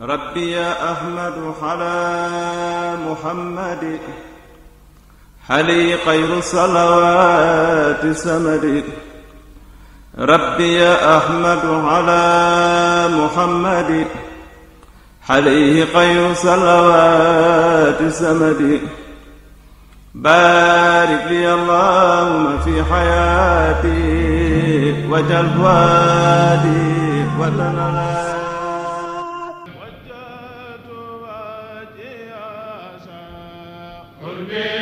rabbi ya ahmadu xalaa muhammadi xali xayru salawaati samadi rabbi ya ahmadu xalaa muhammadi xali xayru salawaati samadi baarik li allahumma fi xayaati wajal waadi wa tanala Amen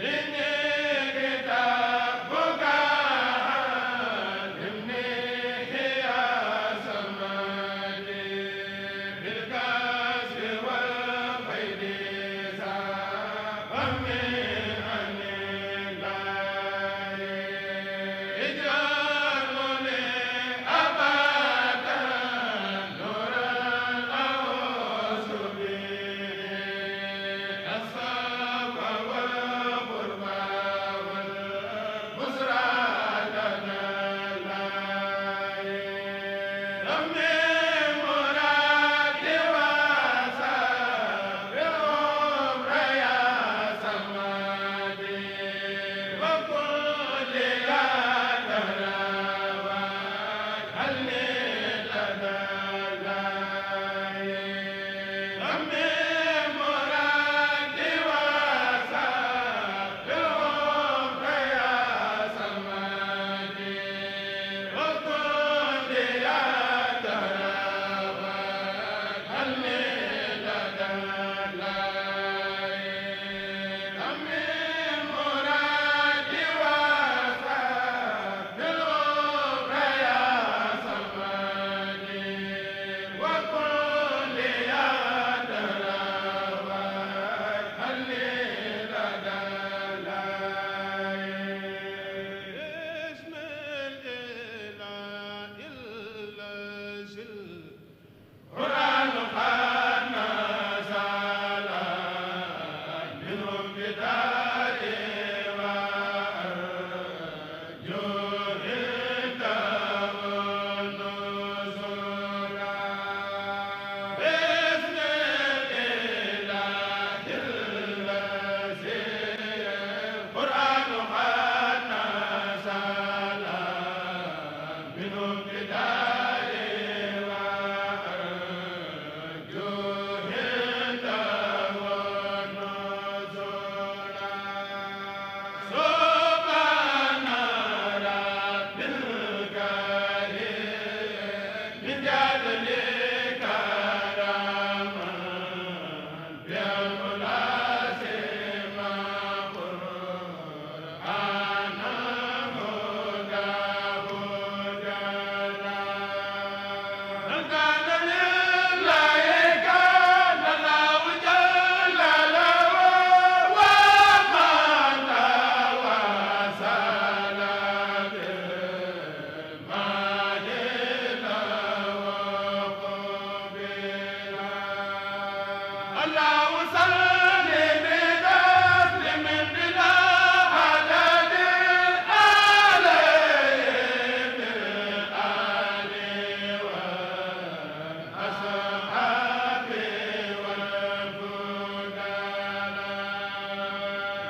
ren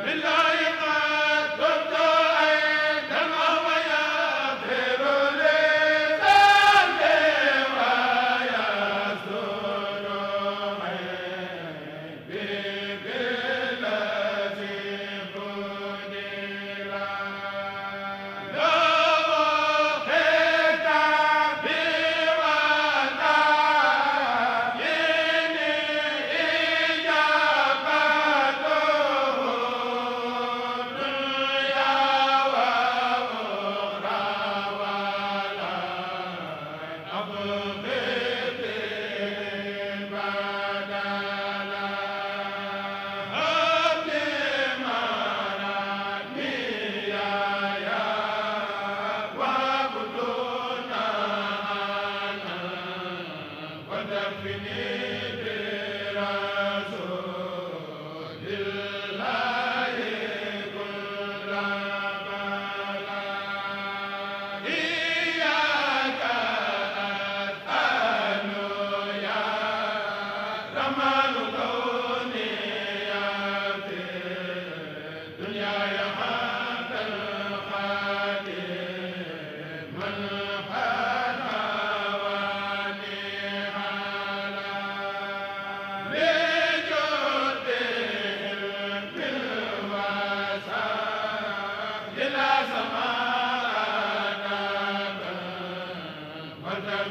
billah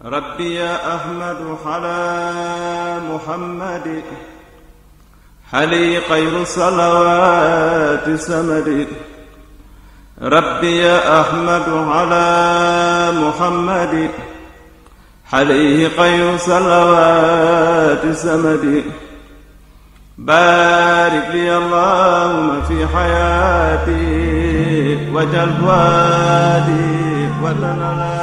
ربي أحمد على محمد حلي خير الصلوات سمد ربي أحمد على محمد عليه خير صلوات سمد بارك لي اللهم في حياتي وجل وادي وتنالي